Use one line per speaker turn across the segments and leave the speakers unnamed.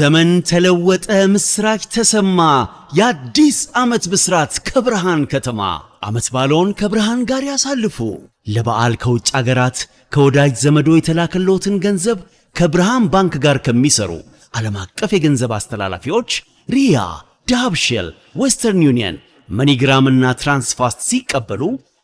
ዘመን ተለወጠ፣ ምስራች ተሰማ፣ የአዲስ ዓመት ብስራት ከብርሃን ከተማ። ዓመት ባለውን ከብርሃን ጋር ያሳልፉ። ለበዓል ከውጭ አገራት ከወዳጅ ዘመዶ የተላከለውትን ገንዘብ ከብርሃን ባንክ ጋር ከሚሰሩ ዓለም አቀፍ የገንዘብ አስተላላፊዎች ሪያ፣ ዳብሽል፣ ዌስተርን ዩኒየን፣ መኒግራም እና ትራንስፋስት ሲቀበሉ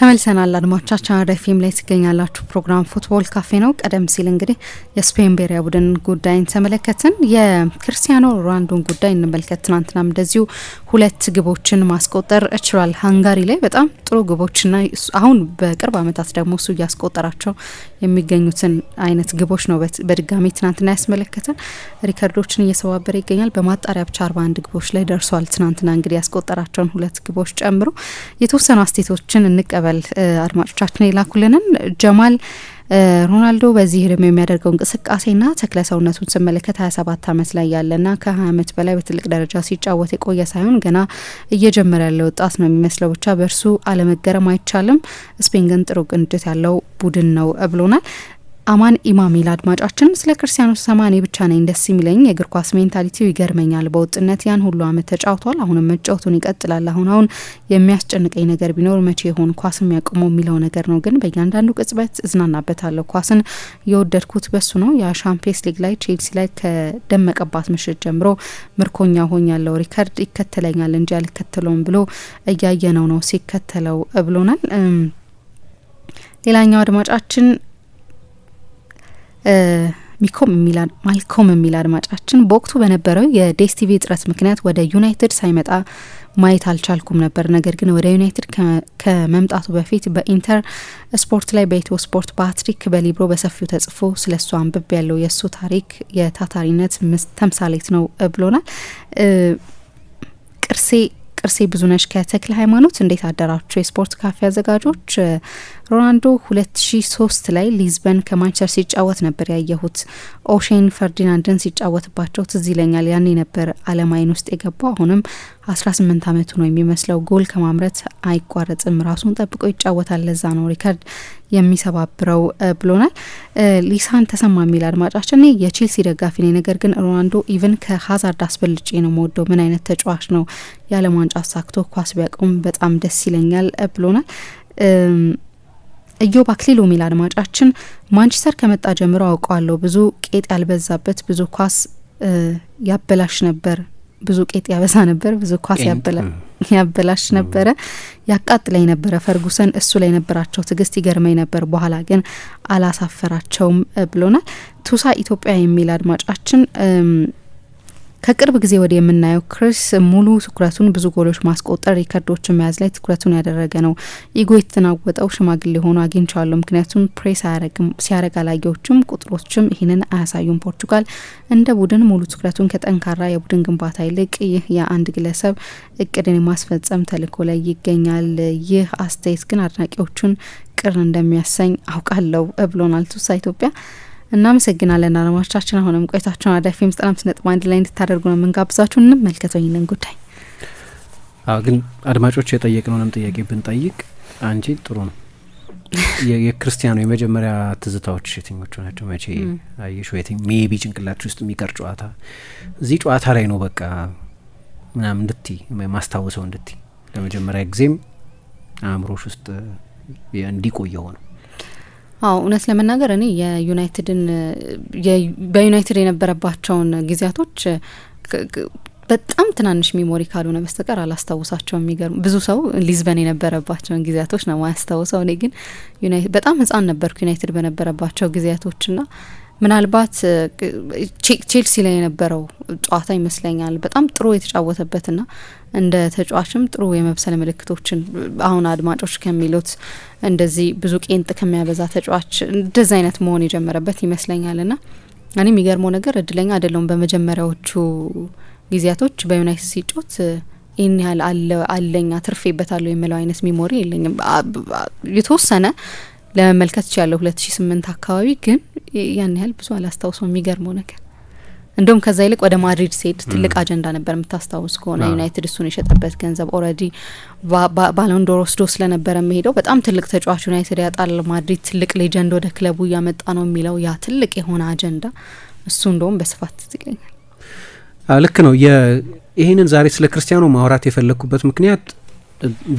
ተመልሰናል አድማጮቻችን፣ አራዳ ኤፍኤም ላይ ትገኛላችሁ። ፕሮግራም ፉትቦል ካፌ ነው። ቀደም ሲል እንግዲህ የስፔን ብሔራዊ ቡድን ጉዳይን ተመለከትን። የክርስቲያኖ ሮናልዶን ጉዳይ እንመልከት። ትናንትናም እንደዚሁ ሁለት ግቦችን ማስቆጠር እችሏል። ሃንጋሪ ላይ በጣም ጥሩ ግቦችና አሁን በቅርብ ዓመታት ደግሞ እሱ እያስቆጠራቸው የሚገኙትን አይነት ግቦች ነው በድጋሚ ትናንትና ያስመለከተን። ሪከርዶችን እየሰባበረ ይገኛል። በማጣሪያ ብቻ አርባ አንድ ግቦች ላይ ደርሷል። ትናንትና እንግዲህ ያስቆጠራቸውን ሁለት ግቦች ጨምሮ የተወሰኑ አስቴቶችን እንቀበል እንበል አድማጮቻችን የላኩልንን ጀማል ሮናልዶ በዚህ እድሜ የሚያደርገው እንቅስቃሴና ተክለ ሰውነቱን ስመለከት ሀያ ሰባት አመት ላይ ያለና ከሀያ አመት በላይ በትልቅ ደረጃ ሲጫወት የቆየ ሳይሆን ገና እየጀመረ ያለ ወጣት ነው የሚመስለው። ብቻ በእርሱ አለመገረም አይቻልም። ስፔን ግን ጥሩ ቅንጅት ያለው ቡድን ነው ብሎናል። አማን ኢማሚል አድማጫችን ስለ ክርስቲያኖ ሰማኔ ብቻ ነኝ ደስ የሚለኝ የእግር ኳስ ሜንታሊቲው ይገርመኛል። በወጥነት ያን ሁሉ አመት ተጫውቷል። አሁንም መጫወቱን ይቀጥላል። አሁን አሁን የሚያስጨንቀኝ ነገር ቢኖር መቼ የሆን ኳስ ያቆመ የሚለው ነገር ነው። ግን በእያንዳንዱ ቅጽበት እዝናናበታለሁ። ኳስን የወደድኩት በሱ ነው። የሻምፒየንስ ሊግ ላይ ቼልሲ ላይ ከደመቀባት ምሽት ጀምሮ ምርኮኛ ያለው ሪከርድ ይከተለኛል እንጂ አልከተለውም ብሎ እያየነው ነው ሲከተለው ብሎናል። ሌላኛው አድማጫችን ሚኮም የሚል ማልኮም የሚል አድማጫችን በወቅቱ በነበረው የዴስቲቪ እጥረት ምክንያት ወደ ዩናይትድ ሳይመጣ ማየት አልቻልኩም ነበር። ነገር ግን ወደ ዩናይትድ ከመምጣቱ በፊት በኢንተር ስፖርት ላይ በኢትዮ ስፖርት በአትሪክ በሊብሮ በሰፊው ተጽፎ ስለ እሱ አንብብ ያለው የእሱ ታሪክ የታታሪነት ተምሳሌት ነው ብሎናል። ቅርሴ ቅርሴ ብዙነሽ ከተክለ ሃይማኖት እንዴት አደራችሁ? የስፖርት ካፌ አዘጋጆች ሮናልዶ 2003 ላይ ሊዝበን ከማንቸስተር ሲጫወት ነበር ያየሁት። ኦሼን ፈርዲናንድን ሲጫወትባቸው ትዝ ይለኛል። ያኔ ነበር አለማይን ውስጥ የገባው። አሁንም 18 ዓመቱ ነው የሚመስለው። ጎል ከማምረት አይቋረጥም፣ ራሱን ጠብቆ ይጫወታል። ለዛ ነው ሪከርድ የሚሰባብረው ብሎናል። ሊሳን ተሰማ የሚል አድማጫችን የቼልሲ ደጋፊ ነኝ፣ ነገር ግን ሮናልዶ ኢቨን ከሀዛርድ አስበልጬ ነው መወደው። ምን አይነት ተጫዋች ነው! የዓለም ዋንጫ አሳክቶ ኳስ ቢያቆም በጣም ደስ ይለኛል ብሎናል። እዮ አክሊሉ የሚል አድማጫችን ማንቸስተር ከመጣ ጀምሮ አውቀዋለሁ። ብዙ ቄጥ ያልበዛበት ብዙ ኳስ ያበላሽ ነበር ብዙ ቄጥ ያበሳ ነበር። ብዙ ኳስ ያበላሽ ነበረ፣ ያቃጥለኝ ነበረ። ፈርጉሰን እሱ ላይ ነበራቸው ትዕግስት ይገርመኝ ነበር፣ በኋላ ግን አላሳፈራቸውም ብሎናል። ቱሳ ኢትዮጵያ የሚል አድማጫችን ከቅርብ ጊዜ ወዲህ የምናየው ክሪስ ሙሉ ትኩረቱን ብዙ ጎሎች ማስቆጠር፣ ሪከርዶችን መያዝ ላይ ትኩረቱን ያደረገ ነው። ኢጎ የተናወጠው ሽማግሌ ሆኖ አግኝቸዋለሁ። ምክንያቱም ፕሬስ ሲያረግ አላጊዎችም ቁጥሮችም ይህንን አያሳዩም። ፖርቱጋል እንደ ቡድን ሙሉ ትኩረቱን ከጠንካራ የቡድን ግንባታ ይልቅ ይህ የአንድ ግለሰብ እቅድን የማስፈጸም ተልዕኮ ላይ ይገኛል። ይህ አስተያየት ግን አድናቂዎቹን ቅር እንደሚያሰኝ አውቃለሁ ብሎናል ቱሳ ኢትዮጵያ እናመሰግናለን አለማቻችን። አሁንም ቆይታችሁን አራዳ ኤፍ ኤም ዘጠና አምስት ነጥብ አንድ ላይ እንድታደርጉ ነው የምንጋብዛችሁ። እንመልከተው ይህንን ጉዳይ።
ግን አድማጮች የጠየቅነውንም ጥያቄ ብንጠይቅ አንቺ ጥሩ ነው። የክርስቲያኑ የመጀመሪያ ትዝታዎች የትኞቹ ናቸው? መቼ አየሽ? ወይ ሜቢ ጭንቅላችሁ ውስጥ የሚቀር ጨዋታ እዚህ ጨዋታ ላይ ነው በቃ ምናም እንድት ማስታወሰው እንድት ለመጀመሪያ ጊዜም አእምሮሽ ውስጥ እንዲቆየው ነው
አዎ እውነት ለመናገር እኔ የዩናይትድን በዩናይትድ የነበረባቸውን ጊዜያቶች በጣም ትናንሽ ሚሞሪ ካልሆነ በስተቀር አላስታውሳቸው። የሚገርሙ ብዙ ሰው ሊዝበን የነበረባቸውን ጊዜያቶች ነው ማያስታውሰው። እኔ ግን በጣም ህጻን ነበርኩ ዩናይትድ በነበረባቸው ጊዜያቶችና ምናልባት ቼልሲ ላይ የነበረው ጨዋታ ይመስለኛል በጣም ጥሩ የተጫወተበትና እንደ ተጫዋችም ጥሩ የመብሰል ምልክቶችን አሁን አድማጮች ከሚሉት እንደዚህ ብዙ ቄንጥ ከሚያበዛ ተጫዋች እንደዚ አይነት መሆን የጀመረበት ይመስለኛልና እኔ የሚገርመው ነገር እድለኛ አይደለውም። በመጀመሪያዎቹ ጊዜያቶች በዩናይትድ ሲጮት ይህን ያህል አለኛ ትርፌበታለሁ የሚለው አይነት ሚሞሪ የለኝም የተወሰነ ለመመልከት ችያለሁ። ሁለት ሺ ስምንት አካባቢ ግን ያን ያህል ብዙ አላስታውሰው። የሚገርመው ነገር እንደውም ከዛ ይልቅ ወደ ማድሪድ ሲሄድ ትልቅ አጀንዳ ነበር። የምታስታውስ ከሆነ ዩናይትድ እሱን የሸጠበት ገንዘብ ኦልሬዲ ባሎንዶር ወስዶ ስለነበረ የሚሄደው በጣም ትልቅ ተጫዋች ዩናይትድ ያጣል፣ ማድሪድ ትልቅ ሌጀንድ ወደ ክለቡ እያመጣ ነው የሚለው ያ ትልቅ የሆነ አጀንዳ እሱ እንደውም በስፋት ይገኛል።
ልክ ነው። ይህንን ዛሬ ስለ ክርስቲያኖ ማውራት የፈለግኩበት ምክንያት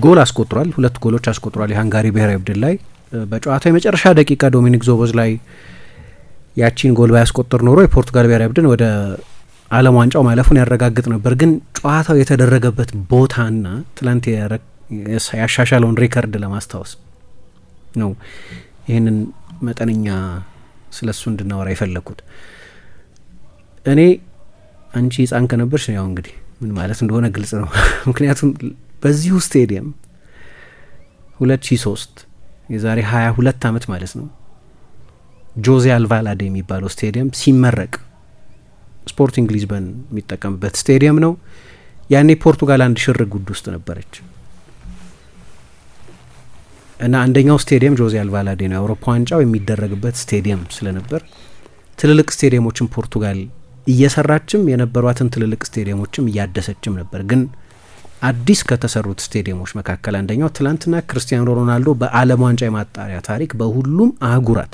ጎል አስቆጥሯል። ሁለት ጎሎች አስቆጥሯል የሀንጋሪ ብሔራዊ ቡድን ላይ በጨዋታው የመጨረሻ ደቂቃ ዶሚኒክ ዞቦዝ ላይ ያቺን ጎል ባያስቆጥር ኖሮ የፖርቱጋል ብሔራዊ ቡድን ወደ ዓለም ዋንጫው ማለፉን ያረጋግጥ ነበር። ግን ጨዋታው የተደረገበት ቦታና ትላንት ያሻሻለውን ሪከርድ ለማስታወስ ነው ይህንን መጠነኛ ስለ እሱ እንድናወራ የፈለግኩት። እኔ አንቺ ህፃን ከነበርሽ ያው እንግዲህ ምን ማለት እንደሆነ ግልጽ ነው። ምክንያቱም በዚሁ ስቴዲየም ሁለት ሺ ሶስት የዛሬ ሀያ ሁለት አመት ማለት ነው ጆዜ አልቫላዴ የሚባለው ስቴዲየም ሲመረቅ ስፖርቲንግ ሊዝበን የሚጠቀምበት ስቴዲየም ነው። ያኔ ፖርቱጋል አንድ ሽር ጉድ ውስጥ ነበረች እና አንደኛው ስቴዲየም ጆዜ አልቫላዴ ነው። የአውሮፓ ዋንጫው የሚደረግበት ስቴዲየም ስለነበር ትልልቅ ስቴዲየሞችን ፖርቱጋል እየሰራችም የነበሯትን ትልልቅ ስቴዲየሞችም እያደሰችም ነበር ግን አዲስ ከተሰሩት ስቴዲየሞች መካከል አንደኛው ትላንትና ክርስቲያኖ ሮናልዶ በዓለም ዋንጫ የማጣሪያ ታሪክ በሁሉም አህጉራት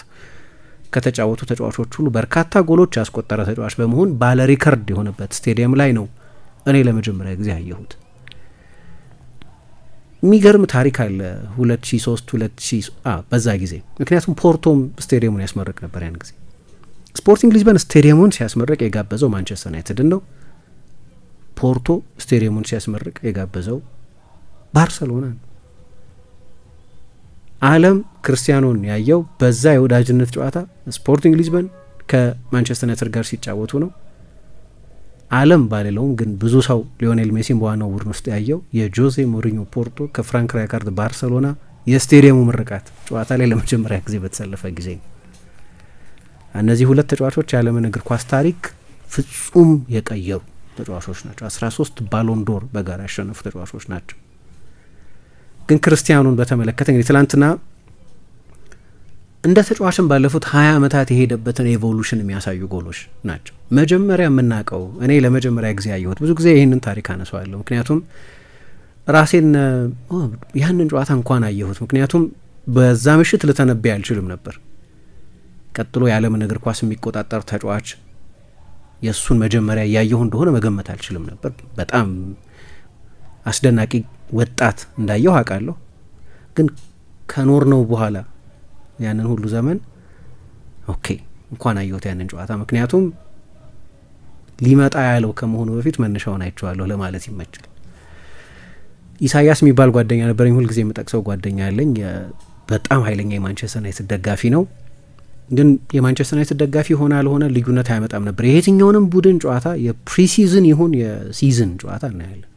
ከተጫወቱ ተጫዋቾች ሁሉ በርካታ ጎሎች ያስቆጠረ ተጫዋች በመሆን ባለ ሪከርድ የሆነበት ስቴዲየም ላይ ነው እኔ ለመጀመሪያ ጊዜ አየሁት። የሚገርም ታሪክ አለ 2003 2000 በዛ ጊዜ ምክንያቱም ፖርቶም ስቴዲየሙን ያስመረቅ ነበር። ያን ጊዜ ስፖርቲንግ ሊዝበን ስቴዲየሙን ሲያስመረቅ የጋበዘው ማንቸስተር ዩናይትድን ነው። ፖርቶ ስቴዲየሙን ሲያስመርቅ የጋበዘው ባርሰሎና ነው። ዓለም ክርስቲያኖን ያየው በዛ የወዳጅነት ጨዋታ ስፖርቲንግ ሊዝበን ከማንቸስተር ዩናይትድ ጋር ሲጫወቱ ነው። ዓለም ባሌለውም ግን ብዙ ሰው ሊዮኔል ሜሲን በዋናው ቡድን ውስጥ ያየው የጆዜ ሞሪኞ ፖርቶ ከፍራንክ ራይካርድ ባርሰሎና የስቴዲየሙ ምርቃት ጨዋታ ላይ ለመጀመሪያ ጊዜ በተሰለፈ ጊዜ ነው። እነዚህ ሁለት ተጫዋቾች የዓለምን እግር ኳስ ታሪክ ፍጹም የቀየሩ ተጫዋቾች ናቸው። አስራ ሶስት ባሎንዶር በጋራ ያሸነፉ ተጫዋቾች ናቸው። ግን ክርስቲያኑን በተመለከተ እንግዲህ ትላንትና እንደ ተጫዋችን ባለፉት ሀያ ዓመታት የሄደበትን ኤቮሉሽን የሚያሳዩ ጎሎች ናቸው። መጀመሪያ የምናውቀው እኔ ለመጀመሪያ ጊዜ ያየሁት ብዙ ጊዜ ይህንን ታሪክ አነሳዋለሁ፣ ምክንያቱም ራሴን ያንን ጨዋታ እንኳን አየሁት፣ ምክንያቱም በዛ ምሽት ልተነበይ አልችልም ነበር። ቀጥሎ የዓለምን እግር ኳስ የሚቆጣጠር ተጫዋች የእሱን መጀመሪያ እያየሁ እንደሆነ መገመት አልችልም ነበር። በጣም አስደናቂ ወጣት እንዳየሁ አውቃለሁ። ግን ከኖር ነው በኋላ ያንን ሁሉ ዘመን ኦኬ እንኳን አየሁት ያንን ጨዋታ ምክንያቱም ሊመጣ ያለው ከመሆኑ በፊት መነሻውን አይቼዋለሁ ለማለት ይመቻል። ኢሳያስ የሚባል ጓደኛ ነበረኝ፣ ሁልጊዜ የምጠቅሰው ጓደኛ ያለኝ፣ በጣም ኃይለኛ የማንቸስተር ዩናይትድ ደጋፊ ነው። ግን የማንቸስተር ዩናይትድ ደጋፊ ሆነ አልሆነ ልዩነት አያመጣም ነበር። የየትኛውንም ቡድን ጨዋታ የፕሪሲዝን ይሁን የሲዝን ጨዋታ እናያለን።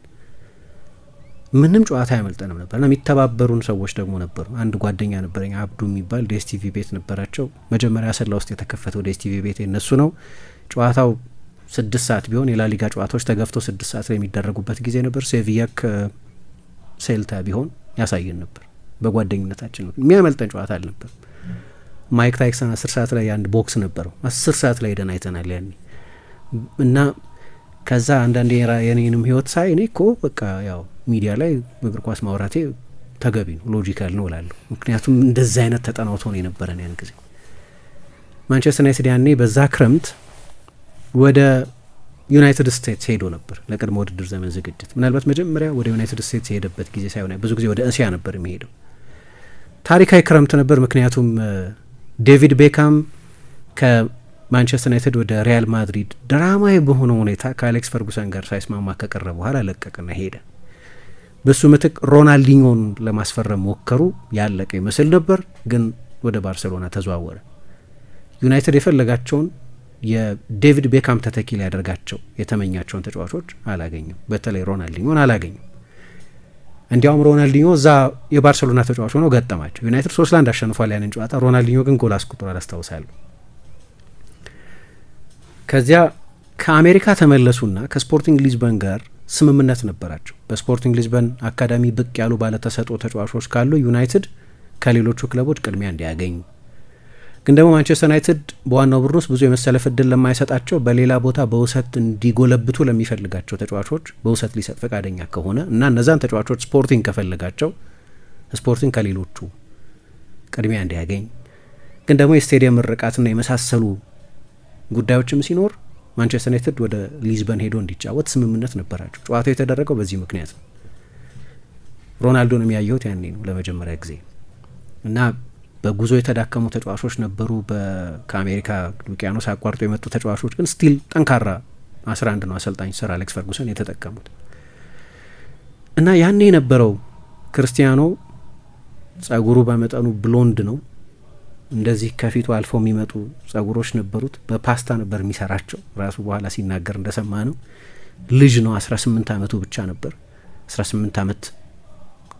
ምንም ጨዋታ አያመልጠንም ነበር። ነበርና የሚተባበሩን ሰዎች ደግሞ ነበሩ። አንድ ጓደኛ ነበረኝ አብዱ የሚባል ዴስቲቪ ቤት ነበራቸው። መጀመሪያ ሰላ ውስጥ የተከፈተው ዴስቲቪ ቤት የነሱ ነው። ጨዋታው ስድስት ሰዓት ቢሆን የላሊጋ ጨዋታዎች ተገፍተው ስድስት ሰዓት ላይ የሚደረጉበት ጊዜ ነበር። ሴቪያ ከሴልታ ቢሆን ያሳየን ነበር። በጓደኝነታችን የሚያመልጠን ጨዋታ አልነበርም። ማይክ ታይክሰን አስር ሰዓት ላይ አንድ ቦክስ ነበረው። አስር ሰዓት ላይ ሄደን አይተናል ያኔ እና ከዛ አንዳንድ የኔንም ህይወት ሳይ እኔ እኮ በቃ ያው ሚዲያ ላይ እግር ኳስ ማውራቴ ተገቢ ነው፣ ሎጂካል ነው እላለሁ። ምክንያቱም እንደዚህ አይነት ተጠናውቶ ነው የነበረን ያን ጊዜ ማንቸስተር ዩናይትድ ያኔ በዛ ክረምት ወደ ዩናይትድ ስቴትስ ሄዶ ነበር ለቅድመ ውድድር ዘመን ዝግጅት። ምናልባት መጀመሪያ ወደ ዩናይትድ ስቴትስ የሄደበት ጊዜ ሳይሆን ብዙ ጊዜ ወደ እስያ ነበር የሚሄደው። ታሪካዊ ክረምት ነበር፣ ምክንያቱም ዴቪድ ቤካም ከማንቸስተር ዩናይትድ ወደ ሪያል ማድሪድ ድራማዊ በሆነ ሁኔታ ከአሌክስ ፈርጉሰን ጋር ሳይስማማ ከቀረ በኋላ ለቀቅና ሄደ። በሱ ምትክ ሮናልዲኞን ለማስፈረም ሞከሩ። ያለቀ ይመስል ነበር፣ ግን ወደ ባርሴሎና ተዘዋወረ። ዩናይትድ የፈለጋቸውን የዴቪድ ቤካም ተተኪ ሊያደርጋቸው የተመኛቸውን ተጫዋቾች አላገኙም። በተለይ ሮናልዲኞን አላገኙም። እንዲያውም ሮናልዲኞ እዛ የባርሴሎና ተጫዋች ሆኖ ገጠማቸው። ዩናይትድ ሶስት ለአንድ አሸንፏል ያንን ጨዋታ። ሮናልዲኞ ግን ጎል አስቆጥሯል አስታውሳለሁ። ከዚያ ከአሜሪካ ተመለሱና ከስፖርቲንግ ሊዝበን ጋር ስምምነት ነበራቸው። በስፖርቲንግ ሊዝበን አካዳሚ ብቅ ያሉ ባለተሰጥኦ ተጫዋቾች ካሉ ዩናይትድ ከሌሎቹ ክለቦች ቅድሚያ እንዲያገኝ ግን ደግሞ ማንቸስተር ዩናይትድ በዋናው ቡድን ውስጥ ብዙ የመሰለፍ እድል ለማይሰጣቸው በሌላ ቦታ በውሰት እንዲጎለብቱ ለሚፈልጋቸው ተጫዋቾች በውሰት ሊሰጥ ፈቃደኛ ከሆነ እና እነዛን ተጫዋቾች ስፖርቲንግ ከፈለጋቸው ስፖርቲንግ ከሌሎቹ ቅድሚያ እንዲያገኝ ግን ደግሞ የስቴዲየም ርቃትና የመሳሰሉ ጉዳዮችም ሲኖር ማንቸስተር ዩናይትድ ወደ ሊዝበን ሄዶ እንዲጫወት ስምምነት ነበራቸው። ጨዋታው የተደረገው በዚህ ምክንያት ነው። ሮናልዶን የሚያየሁት ያኔ ነው ለመጀመሪያ ጊዜ እና በጉዞ የተዳከሙ ተጫዋቾች ነበሩ። ከአሜሪካ ውቅያኖስ አቋርጦ የመጡ ተጫዋቾች ግን ስቲል ጠንካራ አስራ አንድ ነው አሰልጣኝ ሰር አሌክስ ፈርጉሰን የተጠቀሙት እና ያኔ የነበረው ክርስቲያኖ ጸጉሩ በመጠኑ ብሎንድ ነው። እንደዚህ ከፊቱ አልፎ የሚመጡ ጸጉሮች ነበሩት። በፓስታ ነበር የሚሰራቸው። ራሱ በኋላ ሲናገር እንደሰማ ነው ልጅ ነው። 18 ዓመቱ ብቻ ነበር። 18 ዓመት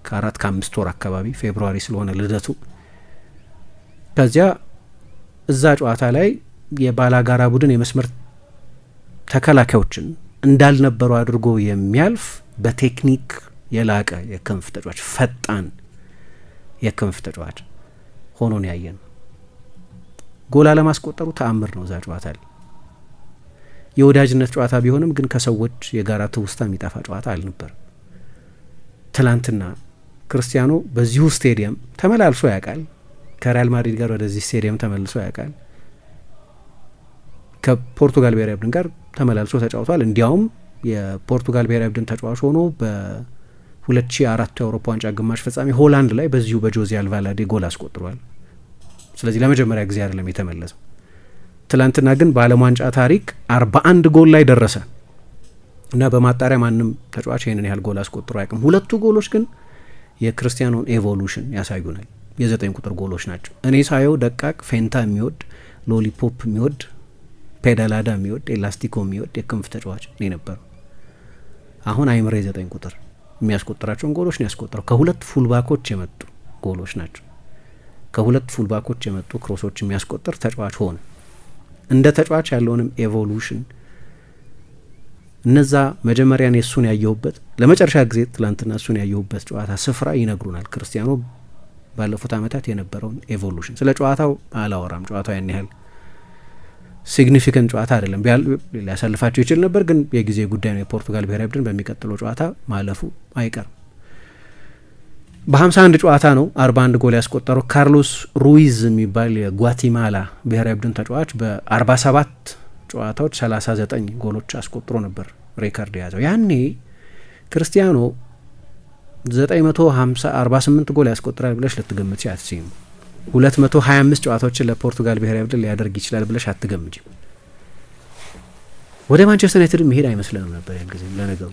ከአራት ከአምስት ወር አካባቢ ፌብርዋሪ ስለሆነ ልደቱ ከዚያ እዛ ጨዋታ ላይ የባላጋራ ቡድን የመስመር ተከላካዮችን እንዳልነበሩ አድርጎ የሚያልፍ በቴክኒክ የላቀ የክንፍ ተጫዋች ፈጣን የክንፍ ተጫዋች ሆኖን ያየ ነው። ጎል አለማስቆጠሩ ተአምር ነው። እዛ ጨዋታ ላይ የወዳጅነት ጨዋታ ቢሆንም ግን ከሰዎች የጋራ ትውስታ የሚጠፋ ጨዋታ አልነበር። ትላንትና ክርስቲያኖ በዚሁ ስቴዲየም ተመላልሶ ያውቃል። ከሪያል ማድሪድ ጋር ወደዚህ ስቴዲየም ተመልሶ ያውቃል። ከፖርቱጋል ብሔራዊ ቡድን ጋር ተመላልሶ ተጫውቷል። እንዲያውም የፖርቱጋል ብሔራዊ ቡድን ተጫዋች ሆኖ በ2004 የአውሮፓ ዋንጫ ግማሽ ፍጻሜ ሆላንድ ላይ በዚሁ በጆዚ አልቫላዴ ጎል አስቆጥሯል። ስለዚህ ለመጀመሪያ ጊዜ አይደለም የተመለሰው። ትላንትና ግን በዓለም ዋንጫ ታሪክ 41 ጎል ላይ ደረሰ እና በማጣሪያ ማንም ተጫዋች ይህንን ያህል ጎል አስቆጥሮ አያውቅም። ሁለቱ ጎሎች ግን የክርስቲያኖን ኤቮሉሽን ያሳዩናል። የዘጠኝ ቁጥር ጎሎች ናቸው። እኔ ሳየው ደቃቅ ፌንታ የሚወድ ሎሊፖፕ የሚወድ ፔዳላዳ የሚወድ ኤላስቲኮ የሚወድ የክንፍ ተጫዋች ነው የነበረው። አሁን አይምረ የዘጠኝ ቁጥር የሚያስቆጥራቸውን ጎሎች ነው ያስቆጠረው። ከሁለት ፉልባኮች የመጡ ጎሎች ናቸው። ከሁለት ፉልባኮች የመጡ ክሮሶች የሚያስቆጥር ተጫዋች ሆነ። እንደ ተጫዋች ያለውንም ኤቮሉሽን እነዛ መጀመሪያን የእሱን ያየሁበት ለመጨረሻ ጊዜ ትላንትና እሱን ያየሁበት ጨዋታ ስፍራ ይነግሩናል ክርስቲያኖ ባለፉት አመታት የነበረውን ኤቮሉሽን ስለ ጨዋታው አላወራም። ጨዋታው ያን ያህል ሲግኒፊካንት ጨዋታ አይደለም። ሊያሳልፋቸው ይችል ነበር፣ ግን የጊዜ ጉዳይ ነው። የፖርቱጋል ብሔራዊ ቡድን በሚቀጥለው ጨዋታ ማለፉ አይቀርም በሀምሳ አንድ ጨዋታ ነው አንድ ጎል ያስቆጠረው ካርሎስ ሩይዝ የሚባል የጓቲማላ ብሔራዊ ቡድን ተጫዋች በአርባ ሰባት ጨዋታዎች ዘጠኝ ጎሎች አስቆጥሮ ነበር ሬከርድ የያዘው ያኔ ክርስቲያኖ 948 ጎል ያስቆጥራል ብለሽ ልትገምች አትችይም። 225 ጨዋታዎችን ለፖርቱጋል ብሔራዊ ቡድን ሊያደርግ ይችላል ብለሽ አትገምጂ። ወደ ማንቸስተር ዩናይትድ መሄድ አይመስለንም ነበር ያን ጊዜ። ለነገሩ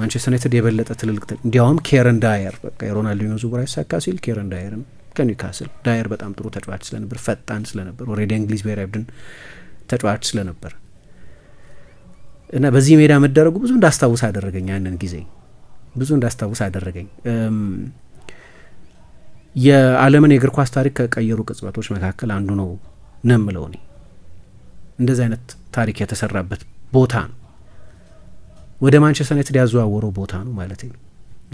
ማንቸስተር ዩናይትድ የበለጠ ትልልቅ እንዲያውም ኬረን ዳየር በቃ የሮናልዲኖ ዝውውር አይሳካ ሲል ኬረን ዳየርን ከኒውካስል ዳየር በጣም ጥሩ ተጫዋች ስለነበር፣ ፈጣን ስለነበር፣ ኦልሬዲ እንግሊዝ ብሔራዊ ቡድን ተጫዋች ስለነበር እና በዚህ ሜዳ መደረጉ ብዙ እንዳስታውስ አደረገኝ ያንን ጊዜ ብዙ እንዳስታውስ አደረገኝ። የዓለምን የእግር ኳስ ታሪክ ከቀየሩ ቅጽበቶች መካከል አንዱ ነው ነው እኔ እንደዚህ አይነት ታሪክ የተሰራበት ቦታ ነው። ወደ ማንቸስተር ዩናይትድ ያዘዋወረው ቦታ ነው ማለት ነው።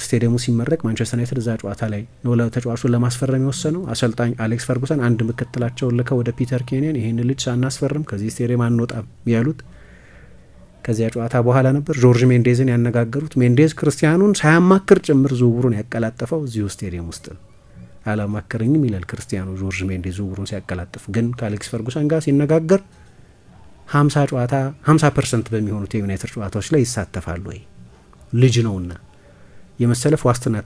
ስቴዲየሙ ሲመረቅ ማንቸስተር ዩናይትድ እዛ ጨዋታ ላይ ነው ተጫዋቹን ለማስፈረም የወሰነው። አሰልጣኝ አሌክስ ፈርጉሰን አንድ ምክትላቸውን ልከው ወደ ፒተር ኬንያን ይህን ልጅ ሳናስፈርም ከዚህ ስቴዲየም አንወጣም ያሉት ከዚያ ጨዋታ በኋላ ነበር ጆርጅ ሜንዴዝን ያነጋገሩት። ሜንዴዝ ክርስቲያኑን ሳያማክር ጭምር ዝውውሩን ያቀላጠፈው እዚሁ ስቴዲየም ውስጥ ነው። አላማከረኝም ይላል ክርስቲያኑ ጆርጅ ሜንዴዝ ዝውውሩን ሲያቀላጥፍ። ግን ከአሌክስ ፈርጉሰን ጋር ሲነጋገር ሀምሳ ጨዋታ ሀምሳ ፐርሰንት በሚሆኑት የዩናይትድ ጨዋታዎች ላይ ይሳተፋሉ ወይ ልጅ ነውና የመሰለፍ ዋስትና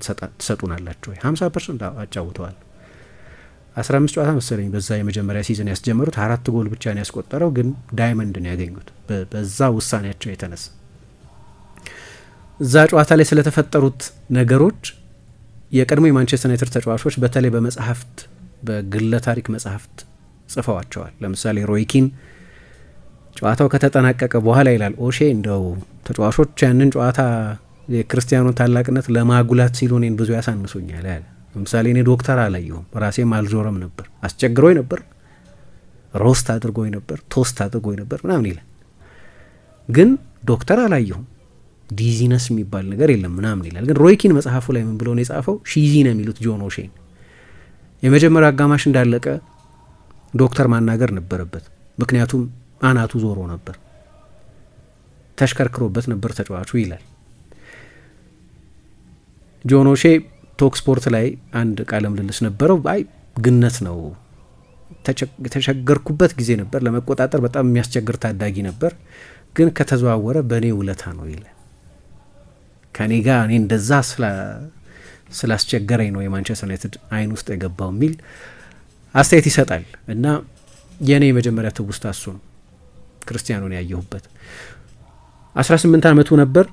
ትሰጡናላቸው ወይ? ሀምሳ ፐርሰንት አጫውተዋል 15 ጨዋታ መሰለኝ በዛ የመጀመሪያ ሲዝን ያስጀመሩት አራት ጎል ብቻ ነው ያስቆጠረው፣ ግን ዳይመንድ ነው ያገኙት በዛ ውሳኔያቸው የተነሳ እዛ ጨዋታ ላይ ስለተፈጠሩት ነገሮች የቀድሞ የማንቸስተር ዩናይትድ ተጫዋቾች በተለይ በመጽሐፍት በግለ ታሪክ መጽሐፍት ጽፈዋቸዋል። ለምሳሌ ሮይኪን ጨዋታው ከተጠናቀቀ በኋላ ይላል ኦሼ እንደው ተጫዋቾች ያንን ጨዋታ የክርስቲያኑን ታላቅነት ለማጉላት ሲሉ እኔን ብዙ ያሳንሱኛል ያለ ለምሳሌ እኔ ዶክተር አላየሁም፣ ራሴም አልዞረም ነበር፣ አስቸግሮኝ ነበር፣ ሮስት አድርጎኝ ነበር፣ ቶስት አድርጎኝ ነበር ምናምን ይላል። ግን ዶክተር አላየሁም ዲዚነስ የሚባል ነገር የለም ምናምን ይላል። ግን ሮይኪን መጽሐፉ ላይ ምን ብሎ ነው የጻፈው? ሺዚ ነው የሚሉት ጆን ኦሼን። የመጀመሪያው አጋማሽ እንዳለቀ ዶክተር ማናገር ነበረበት፣ ምክንያቱም አናቱ ዞሮ ነበር፣ ተሽከርክሮበት ነበር ተጫዋቹ ይላል ጆን ኦሼ ቶክ ስፖርት ላይ አንድ ቃለ ምልልስ ነበረው። አይ ግነት ነው የተቸገርኩበት ጊዜ ነበር። ለመቆጣጠር በጣም የሚያስቸግር ታዳጊ ነበር፣ ግን ከተዘዋወረ በእኔ ውለታ ነው ይለ ከኔ ጋር እኔ እንደዛ ስላስቸገረኝ ነው የማንቸስተር ዩናይትድ አይን ውስጥ የገባው የሚል አስተያየት ይሰጣል። እና የእኔ የመጀመሪያ ትውስታ እሱ ነው ክርስቲያኑን ያየሁበት። 18 አመቱ ነበር።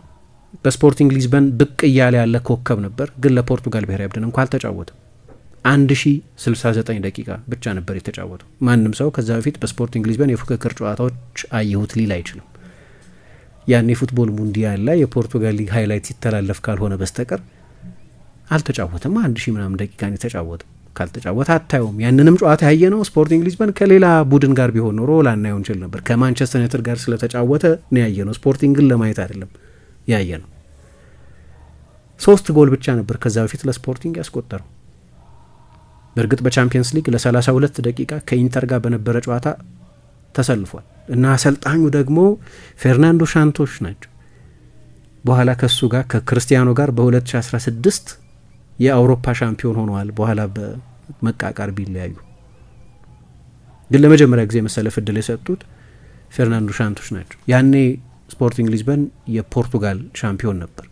በስፖርቲንግ ሊዝበን ብቅ እያለ ያለ ኮከብ ነበር፣ ግን ለፖርቱጋል ብሔራዊ ቡድን እንኳ አልተጫወተም። 1069 ደቂቃ ብቻ ነበር የተጫወተው። ማንም ሰው ከዛ በፊት በስፖርቲንግ ሊዝበን የፉክክር ጨዋታዎች አየሁት ሊል አይችልም። ያን የፉትቦል ሙንዲያል ላይ የፖርቱጋል ሊግ ሀይላይት ሲተላለፍ ካልሆነ በስተቀር አልተጫወተም። አንድ ሺህ ምናምን ደቂቃን የተጫወተ ካልተጫወተ አታየውም። ያንንም ጨዋታ ያየ ነው ስፖርቲንግ ሊዝበን ከሌላ ቡድን ጋር ቢሆን ኖሮ ላናየው እንችል ነበር። ከማንቸስተር ዩናይትድ ጋር ስለተጫወተ ነው ያየ ነው፣ ስፖርቲንግን ለማየት አይደለም። ያየ ነው። ሶስት ጎል ብቻ ነበር ከዛ በፊት ለስፖርቲንግ ያስቆጠረው። በእርግጥ በቻምፒየንስ ሊግ ለ32 ደቂቃ ከኢንተር ጋር በነበረ ጨዋታ ተሰልፏል እና አሰልጣኙ ደግሞ ፌርናንዶ ሻንቶሽ ናቸው። በኋላ ከሱ ጋር ከክርስቲያኖ ጋር በ2016 የአውሮፓ ሻምፒዮን ሆነዋል። በኋላ በመቃቃር ቢለያዩ ግን ለመጀመሪያ ጊዜ መሰለፍ እድል የሰጡት ፌርናንዶ ሻንቶች ናቸው። ያኔ ስፖርቲንግ ሊዝበን የፖርቱጋል ሻምፒዮን ነበር።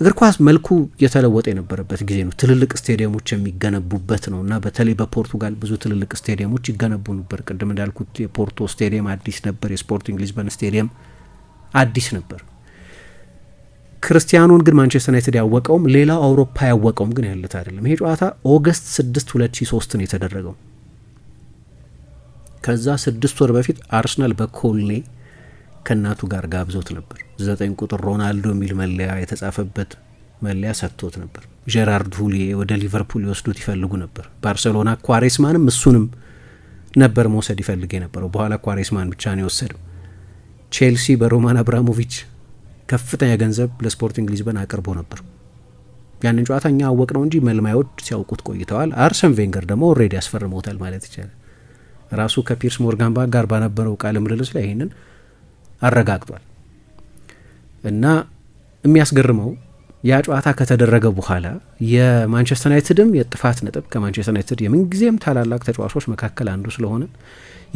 እግር ኳስ መልኩ የተለወጠ የነበረበት ጊዜ ነው። ትልልቅ ስቴዲየሞች የሚገነቡበት ነው እና በተለይ በፖርቱጋል ብዙ ትልልቅ ስቴዲየሞች ይገነቡ ነበር። ቅድም እንዳልኩት የፖርቶ ስቴዲየም አዲስ ነበር፣ የስፖርቲንግ ሊዝበን ስቴዲየም አዲስ ነበር። ክርስቲያኖን ግን ማንቸስተር ዩናይትድ ያወቀውም ሌላው አውሮፓ ያወቀውም ግን ያለት አይደለም። ይሄ ጨዋታ ኦገስት 6 2003 ነው የተደረገው። ከዛ ስድስት ወር በፊት አርሰናል በኮልኔ ከእናቱ ጋር ጋብዞት ነበር። ዘጠኝ ቁጥር ሮናልዶ የሚል መለያ የተጻፈበት መለያ ሰጥቶት ነበር። ጀራርድ ሁሊዬ ወደ ሊቨርፑል ሊወስዱት ይፈልጉ ነበር። ባርሰሎና ኳሬስማንም እሱንም ነበር መውሰድ ይፈልግ የነበረው። በኋላ ኳሬስማን ብቻ ነው የወሰደው። ቼልሲ በሮማን አብራሞቪች ከፍተኛ ገንዘብ ለስፖርቲንግ ሊዝበን አቅርቦ ነበር። ያንን ጨዋታ እኛ አወቅ ነው እንጂ መልማዮች ሲያውቁት ቆይተዋል። አርሰን ቬንገር ደግሞ ኦልሬዲ ያስፈርመውታል ማለት ይቻላል። ራሱ ከፒርስ ሞርጋን ጋር ባነበረው ቃለ ምልልስ ላይ ይህንን አረጋግጧል። እና የሚያስገርመው ያ ጨዋታ ከተደረገ በኋላ የማንቸስተር ዩናይትድም የጥፋት ነጥብ ከማንቸስተር ዩናይትድ የምንጊዜም ታላላቅ ተጫዋቾች መካከል አንዱ ስለሆነ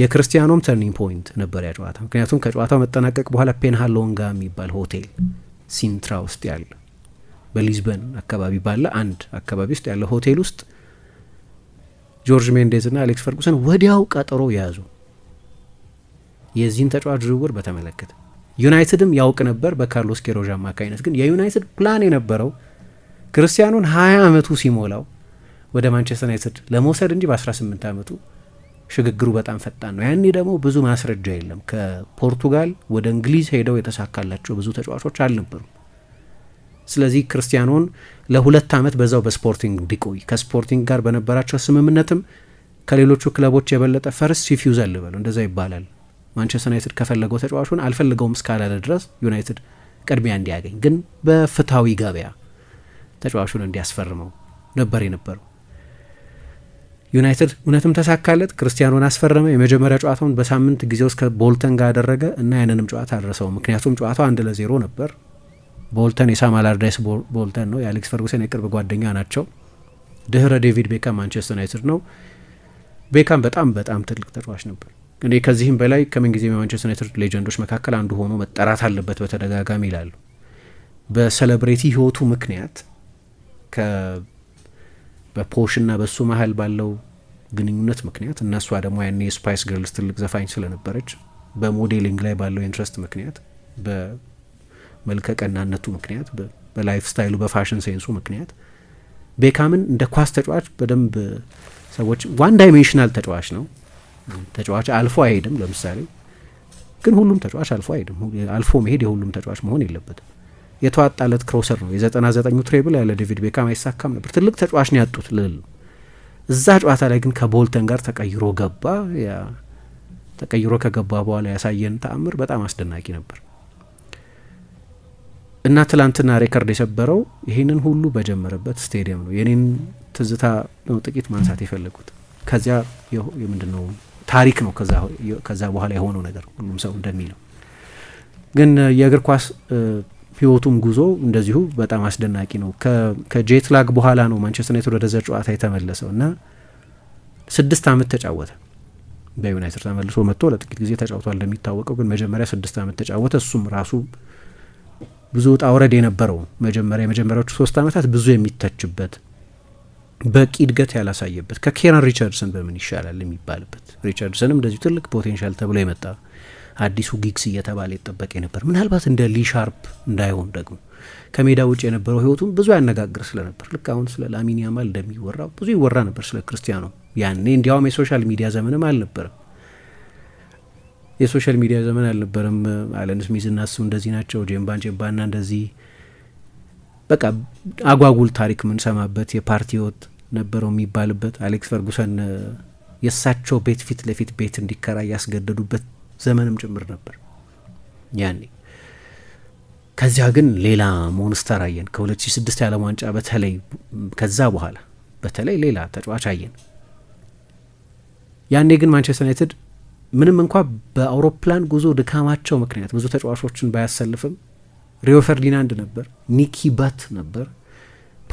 የክርስቲያኖም ተርኒንግ ፖይንት ነበር ያ ጨዋታ። ምክንያቱም ከጨዋታው መጠናቀቅ በኋላ ፔንሃሎንጋ የሚባል ሆቴል ሲንትራ ውስጥ ያለ በሊዝበን አካባቢ ባለ አንድ አካባቢ ውስጥ ያለ ሆቴል ውስጥ ጆርጅ ሜንዴዝ እና አሌክስ ፈርጉሰን ወዲያው ቀጠሮ ያዙ። የዚህን ተጫዋች ዝውውር በተመለከተ ዩናይትድም ያውቅ ነበር በካርሎስ ኬሮዥ አማካኝነት። ግን የዩናይትድ ፕላን የነበረው ክርስቲያኑን 20 ዓመቱ ሲሞላው ወደ ማንቸስተር ዩናይትድ ለመውሰድ እንጂ በ18 ዓመቱ ሽግግሩ በጣም ፈጣን ነው። ያኔ ደግሞ ብዙ ማስረጃ የለም። ከፖርቱጋል ወደ እንግሊዝ ሄደው የተሳካላቸው ብዙ ተጫዋቾች አልነበሩም። ስለዚህ ክርስቲያኖን ለሁለት ዓመት በዛው በስፖርቲንግ እንዲቆይ ከስፖርቲንግ ጋር በነበራቸው ስምምነትም ከሌሎቹ ክለቦች የበለጠ ፈርስት ሪፊውዛል ልበለው እንደዛ ይባላል ማንቸስተር ዩናይትድ ከፈለገው ተጫዋቹን አልፈልገውም እስካላለ ድረስ ዩናይትድ ቅድሚያ እንዲያገኝ ግን በፍትሐዊ ገበያ ተጫዋቹን እንዲያስፈርመው ነበር የነበረው። ዩናይትድ እውነትም ተሳካለት። ክርስቲያኖን አስፈረመ። የመጀመሪያ ጨዋታውን በሳምንት ጊዜ ውስጥ ከቦልተን ጋር አደረገ እና ያንንም ጨዋታ አድረሰው። ምክንያቱም ጨዋታው አንድ ለዜሮ ነበር። ቦልተን የሳም አላርዳይስ ቦልተን ነው። የአሌክስ ፈርጉሰን የቅርብ ጓደኛ ናቸው። ድህረ ዴቪድ ቤካም ማንቸስተር ዩናይትድ ነው። ቤካም በጣም በጣም ትልቅ ተጫዋች ነበር። እንግዲህ ከዚህም በላይ ከምንጊዜ የማንቸስተር ዩናይትድ ሌጀንዶች መካከል አንዱ ሆኖ መጠራት አለበት በተደጋጋሚ ይላሉ። በሰለብሬቲ ህይወቱ ምክንያት በፖሽና በእሱ መሀል ባለው ግንኙነት ምክንያት እነሷ ደግሞ ያኔ የስፓይስ ገርልስ ትልቅ ዘፋኝ ስለነበረች በሞዴሊንግ ላይ ባለው ኢንትረስት ምክንያት በመልከቀናነቱ ምክንያት በላይፍ ስታይሉ በፋሽን ሴንሱ ምክንያት ቤካምን እንደ ኳስ ተጫዋች በደንብ ሰዎች ዋን ዳይሜንሽናል ተጫዋች ነው ተጫዋች አልፎ አይሄድም። ለምሳሌ ግን ሁሉም ተጫዋች አልፎ አይሄድም። አልፎ መሄድ የሁሉም ተጫዋች መሆን የለበትም። የተዋጣለት ክሮሰር ነው። የዘጠና ዘጠኙ ትሬብል ያለ ዴቪድ ቤካም አይሳካም ነበር። ትልቅ ተጫዋች ነው ያጡት ልል እዛ ጨዋታ ላይ ግን ከቦልተን ጋር ተቀይሮ ገባ። ተቀይሮ ከገባ በኋላ ያሳየን ተአምር በጣም አስደናቂ ነበር እና ትላንትና ሬከርድ የሰበረው ይህንን ሁሉ በጀመረበት ስቴዲየም ነው። የኔን ትዝታ ነው ጥቂት ማንሳት የፈለጉት ከዚያ ምንድን ነው ታሪክ ነው። ከዛ በኋላ የሆነው ነገር ሁሉም ሰው እንደሚለው ግን የእግር ኳስ ህይወቱም ጉዞ እንደዚሁ በጣም አስደናቂ ነው። ከጄትላግ በኋላ ነው ማንቸስተር ዩናይትድ ወደዛ ጨዋታ የተመለሰው እና ስድስት አመት ተጫወተ። በዩናይትድ ተመልሶ መጥቶ ለጥቂት ጊዜ ተጫውቷል እንደሚታወቀው፣ ግን መጀመሪያ ስድስት ዓመት ተጫወተ። እሱም ራሱ ብዙ ውጣ ውረድ የነበረው መጀመሪያ የመጀመሪያዎቹ ሶስት አመታት ብዙ የሚተችበት በቂ እድገት ያላሳየበት ከኬረን ሪቻርድሰን በምን ይሻላል የሚባልበት ሪቻርድሰንም እንደዚሁ ትልቅ ፖቴንሻል ተብሎ የመጣ አዲሱ ጊግስ እየተባለ ይጠበቅ የነበር ምናልባት እንደ ሊሻርፕ እንዳይሆን ደግሞ ከሜዳ ውጭ የነበረው ህይወቱን ብዙ ያነጋግር ስለነበር ልክ አሁን ስለ ላሚን ያማል እንደሚወራ ብዙ ይወራ ነበር ስለ ክርስቲያኖ። ያኔ እንዲያውም የሶሻል ሚዲያ ዘመንም አልነበረም። የሶሻል ሚዲያ ዘመን አልነበረም። አለን ስሚዝና እሱ እንደዚህ ናቸው፣ ጄምባን ጄምባና እንደዚህ በቃ አጓጉል ታሪክ የምንሰማበት የፓርቲ ወት ነበረው የሚባልበት አሌክስ ፈርጉሰን የእሳቸው ቤት ፊት ለፊት ቤት እንዲከራ ያስገደዱበት ዘመንም ጭምር ነበር ያኔ። ከዚያ ግን ሌላ ሞንስተር አየን። ከ2006 የዓለም ዋንጫ በተለይ ከዛ በኋላ በተለይ ሌላ ተጫዋች አየን። ያኔ ግን ማንቸስተር ዩናይትድ ምንም እንኳ በአውሮፕላን ጉዞ ድካማቸው ምክንያት ብዙ ተጫዋቾችን ባያሰልፍም ሪዮ ፈርዲናንድ ነበር፣ ኒኪ ባት ነበር፣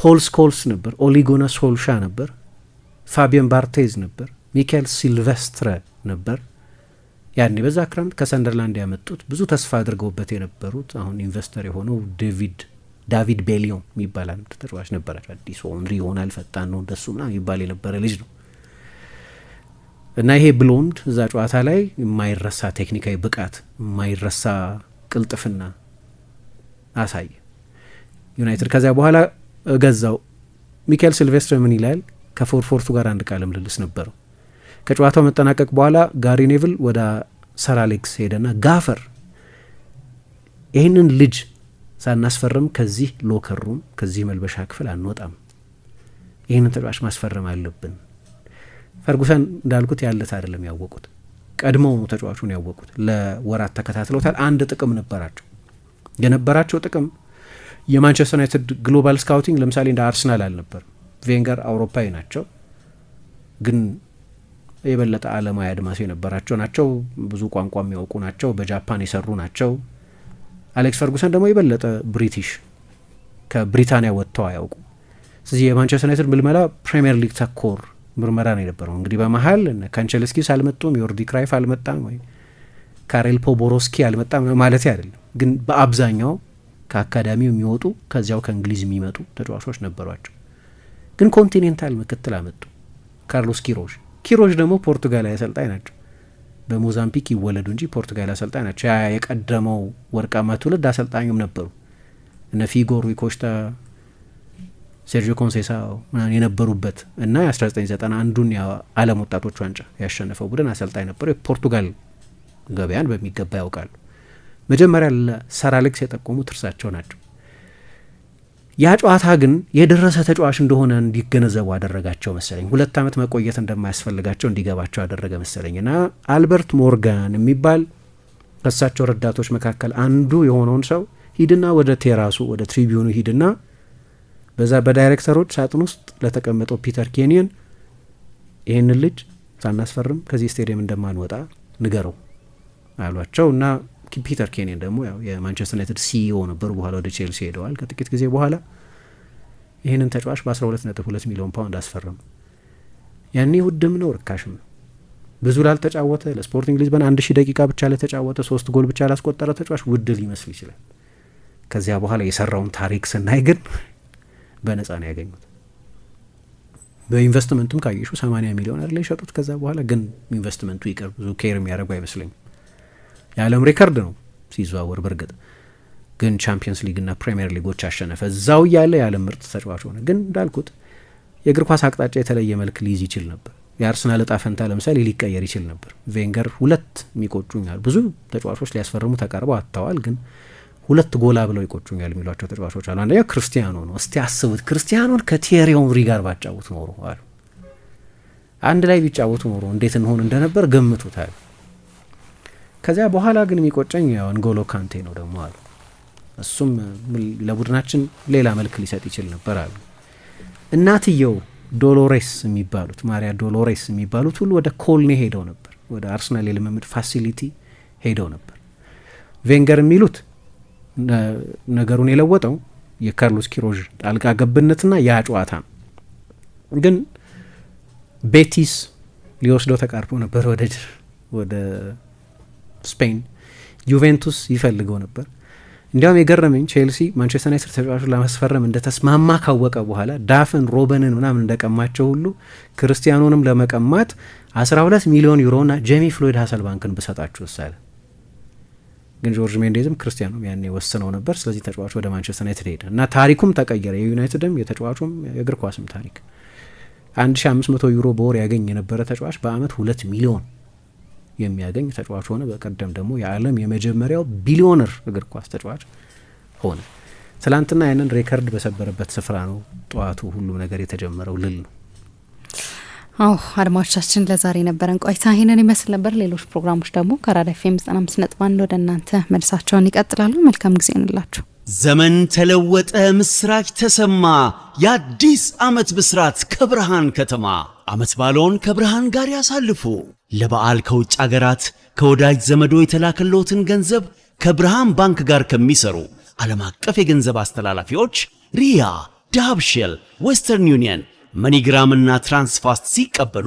ፖል ስኮልስ ነበር፣ ኦሊጎና ሶልሻ ነበር፣ ፋቢየን ባርቴዝ ነበር፣ ሚካኤል ሲልቨስትረ ነበር። ያኔ በዛ ክረምት ከሰንደርላንድ ያመጡት ብዙ ተስፋ አድርገውበት የነበሩት አሁን ኢንቨስተር የሆነው ዴቪድ ዳቪድ ቤሊዮን የሚባል አንድ ተጫዋች ነበራቸው። አዲስ ኦንሪ ይሆናል ፈጣን ነው እንደሱ ምናምን የሚባል የነበረ ልጅ ነው እና ይሄ ብሎንድ እዛ ጨዋታ ላይ የማይረሳ ቴክኒካዊ ብቃት የማይረሳ ቅልጥፍና አሳየ። ዩናይትድ ከዚያ በኋላ ገዛው። ሚካኤል ሲልቬስትር ምን ይላል? ከፎርፎርቱ ጋር አንድ ቃለ ምልልስ ነበረው። ከጨዋታው መጠናቀቅ በኋላ ጋሪ ኔቭል ወደ ሰር አሌክስ ሄደና ጋፈር ይህንን ልጅ ሳናስፈርም ከዚህ ሎከር ሩም ከዚህ መልበሻ ክፍል አንወጣም። ይህንን ተጫዋች ማስፈረም አለብን። ፈርጉሰን እንዳልኩት ያለት አይደለም ያወቁት፣ ቀድሞው ተጫዋቹን ያወቁት። ለወራት ተከታትለውታል። አንድ ጥቅም ነበራቸው። የነበራቸው ጥቅም የማንቸስተር ዩናይትድ ግሎባል ስካውቲንግ ለምሳሌ እንደ አርሰናል አልነበርም። ቬንገር አውሮፓዊ ናቸው፣ ግን የበለጠ አለማዊ አድማስ የነበራቸው ናቸው። ብዙ ቋንቋ የሚያውቁ ናቸው። በጃፓን የሰሩ ናቸው። አሌክስ ፈርጉሰን ደግሞ የበለጠ ብሪቲሽ ከብሪታንያ ወጥተው አያውቁ። ስለዚህ የማንቸስተር ዩናይትድ ምልመላ ፕሪምየር ሊግ ተኮር ምርመራ ነው የነበረው። እንግዲህ በመሀል ካንቸልስኪስ አልመጡም፣ ዮርዲ ክራይፍ አልመጣም፣ ወይ ካሬል ፖቦሮስኪ አልመጣም ማለት አይደለም ግን በአብዛኛው ከአካዳሚው የሚወጡ ከዚያው ከእንግሊዝ የሚመጡ ተጫዋቾች ነበሯቸው። ግን ኮንቲኔንታል ምክትል አመጡ፣ ካርሎስ ኪሮሽ። ኪሮሽ ደግሞ ፖርቱጋላዊ አሰልጣኝ ናቸው። በሞዛምፒክ ይወለዱ እንጂ ፖርቱጋላዊ አሰልጣኝ ናቸው። ያ የቀደመው ወርቃማ ትውልድ አሰልጣኙም ነበሩ። እነ ፊጎ፣ ሩይ ኮስታ፣ ሴርጂዮ ኮንሴሳ የነበሩበት እና የ1991 አንዱን የዓለም ወጣቶች ዋንጫ ያሸነፈው ቡድን አሰልጣኝ ነበሩ። የፖርቱጋል ገበያን በሚገባ ያውቃሉ። መጀመሪያ ለሰር አሌክስ የጠቆሙት እርሳቸው ናቸው። ያ ጨዋታ ግን የደረሰ ተጫዋች እንደሆነ እንዲገነዘቡ አደረጋቸው መሰለኝ። ሁለት ዓመት መቆየት እንደማያስፈልጋቸው እንዲገባቸው አደረገ መሰለኝ እና አልበርት ሞርጋን የሚባል ከእሳቸው ረዳቶች መካከል አንዱ የሆነውን ሰው ሂድና ወደ ቴራሱ ወደ ትሪቢዩኑ ሂድና በዛ በዳይሬክተሮች ሳጥን ውስጥ ለተቀመጠው ፒተር ኬንየን ይህንን ልጅ ሳናስፈርም ከዚህ ስቴዲየም እንደማንወጣ ንገረው አሏቸው እና ፒተር ኬኔን ደግሞ ያው የማንቸስተር ዩናይትድ ሲኢኦ ነበሩ፣ በኋላ ወደ ቼልሲ ሄደዋል ከጥቂት ጊዜ በኋላ። ይህንን ተጫዋች በ 2 ሚሊዮን ፓውንድ አስፈረሙ። ያኔ ውድም ነው ርካሽም ነው። ብዙ ላልተጫወተ ለስፖርቲንግ ሊዝበን አንድ ሺህ ደቂቃ ብቻ ለተጫወተ ሶስት ጎል ብቻ ላስቆጠረ ተጫዋች ውድ ሊመስል ይችላል። ከዚያ በኋላ የሰራውን ታሪክ ስናይ ግን በነጻ ነው ያገኙት። በኢንቨስትመንቱም ካየሹ 80 ሚሊዮን አይደለ የሸጡት። ከዛ በኋላ ግን ኢንቨስትመንቱ ይቅር ብዙ ኬር የሚያደርጉ አይመስለኝም። የዓለም ሪከርድ ነው ሲዘዋወር። በእርግጥ ግን ቻምፒየንስ ሊግና ፕሪምየር ሊጎች አሸነፈ። እዛው እያለ የዓለም ምርጥ ተጫዋች ሆነ። ግን እንዳልኩት የእግር ኳስ አቅጣጫ የተለየ መልክ ሊይዝ ይችል ነበር። የአርሰናል እጣ ፈንታ ለምሳሌ ሊቀየር ይችል ነበር። ቬንገር ሁለት የሚቆጩኛል ብዙ ተጫዋቾች ሊያስፈርሙ ተቃርበው አጥተዋል። ግን ሁለት ጎላ ብለው ይቆጩኛል የሚሏቸው ተጫዋቾች አሉ። አንደኛው ክርስቲያኖ ነው። እስቲ አስቡት ክርስቲያኖን ከቲዬሪ ኦንሪ ጋር ባጫወት ኖሩ አሉ አንድ ላይ ቢጫወቱ ኖሮ እንዴት እንሆን እንደነበር ገምቱታል። ከዚያ በኋላ ግን የሚቆጨኝ እንጎሎ ካንቴ ነው ደግሞ አሉ። እሱም ለቡድናችን ሌላ መልክ ሊሰጥ ይችል ነበር አሉ። እናትየው ዶሎሬስ የሚባሉት ማሪያ ዶሎሬስ የሚባሉት ሁሉ ወደ ኮልኔ ሄደው ነበር። ወደ አርሰናል የልምምድ ፋሲሊቲ ሄደው ነበር። ቬንገር የሚሉት ነገሩን የለወጠው የካርሎስ ኪሮዥ ጣልቃ ገብነትና ያ ጨዋታ ነው። ግን ቤቲስ ሊወስደው ተቃርቦ ነበር ወደ ወደ ስፔን ዩቬንቱስ ይፈልገው ነበር። እንዲያውም የገረመኝ ቼልሲ ማንቸስተር ዩናይትድ ተጫዋቹን ለማስፈረም እንደተስማማ ካወቀ በኋላ ዳፍን ሮበንን ምናምን እንደቀማቸው ሁሉ ክርስቲያኖንም ለመቀማት 12 ሚሊዮን ዩሮና ጄሚ ፍሎይድ ሀሰል ባንክን ብሰጣችሁ ሳለ ግን ጆርጅ ሜንዴዝም ክርስቲያኖም ያኔ ወስነው ነበር። ስለዚህ ተጫዋቹ ወደ ማንቸስተር ዩናይትድ ሄደ እና ታሪኩም ተቀየረ። የዩናይትድም የተጫዋቹም የእግር ኳስም ታሪክ 1500 ዩሮ በወር ያገኝ የነበረ ተጫዋች በአመት 2 ሚሊዮን የሚያገኝ ተጫዋች ሆነ። በቀደም ደግሞ የዓለም የመጀመሪያው ቢሊዮነር እግር ኳስ ተጫዋች ሆነ። ትላንትና ያንን ሬከርድ በሰበረበት ስፍራ ነው ጠዋቱ ሁሉም ነገር የተጀመረው ልል ነው። አዎ አድማጮቻችን፣ ለዛሬ ነበረን ቆይታ ይህንን ይመስል ነበር። ሌሎች ፕሮግራሞች ደግሞ ከአራዳ ኤፍ ኤም 95 ነጥብ አንድ ወደ እናንተ መልሳቸውን ይቀጥላሉ። መልካም ጊዜ እንላችሁ። ዘመን ተለወጠ፣ ምስራች ተሰማ፣ የአዲስ ዓመት ብስራት ከብርሃን ከተማ ዓመት ባለውን ከብርሃን ጋር ያሳልፉ። ለበዓል ከውጭ አገራት ከወዳጅ ዘመዶ የተላከለውትን ገንዘብ ከብርሃን ባንክ ጋር ከሚሰሩ ዓለም አቀፍ የገንዘብ አስተላላፊዎች ሪያ፣ ዳብሽል፣ ዌስተርን ዩኒየን፣ መኒግራም እና ትራንስፋስት ሲቀበሉ